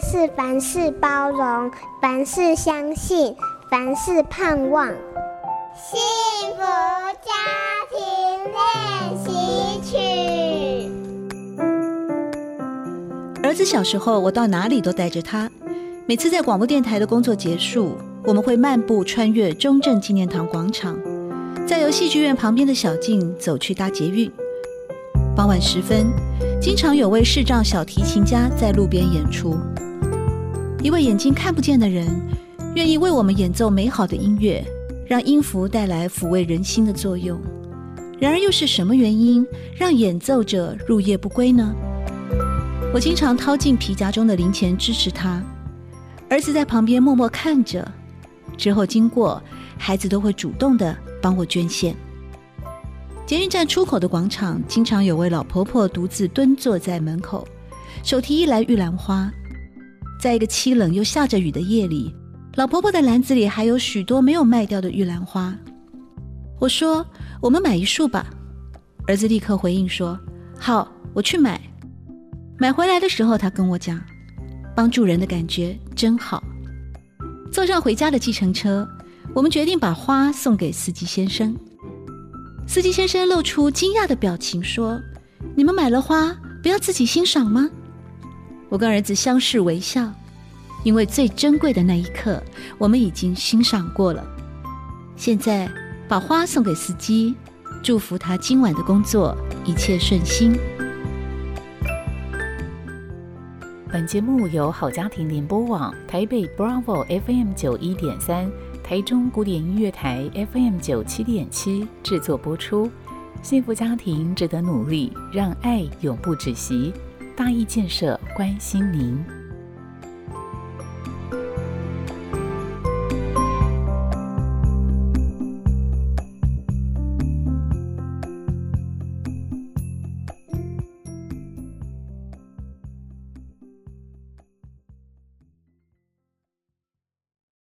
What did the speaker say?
是凡事包容，凡事相信，凡事盼望。幸福家庭練習曲。兒子小時候，我到哪裡都帶着他。每次在廣播電台的工作結束，我們會漫步穿越中正紀念堂廣場，再由戲劇院旁邊的小徑走去搭捷運。傍晚時分，經常有位視障小提琴家在路邊演出。一位眼睛看不見的人，願意為我們演奏美好的音樂，讓音符帶來撫慰人心的作用。然而，又是什麼原因讓演奏者入夜不歸呢？我經常掏進皮夾中的零錢支持他。兒子在旁邊默默看着。之後經過，孩子都會主動的幫我捐獻。捷運站出口的廣場經常有位老婆婆獨自蹲坐在門口，手提一籃玉蘭花。在一個淒冷又下着雨的夜裡，老婆婆的籃子裡還有許多沒有賣掉的玉蘭花。我說：“我們買一束吧。”兒子立刻回應說：“好，我去買。”買回來的時候，他跟我講：“幫助人的感覺真好。”坐上回家的計程車，我們決定把花送給司機先生。司機先生露出驚訝的表情說：“你們買了花，不要自己欣賞嗎？”我跟兒子相視微笑，因為最珍貴的那一刻，我們已經欣賞過了。現在，把花送給司機，祝福他今晚的工作一切順心。本節目由好家庭聯播網、台北 Bravo FM 九一點三、台中古典音樂台 FM 九七點七製作播出。幸福家庭值得努力，讓愛永不止息。大義建設關心您。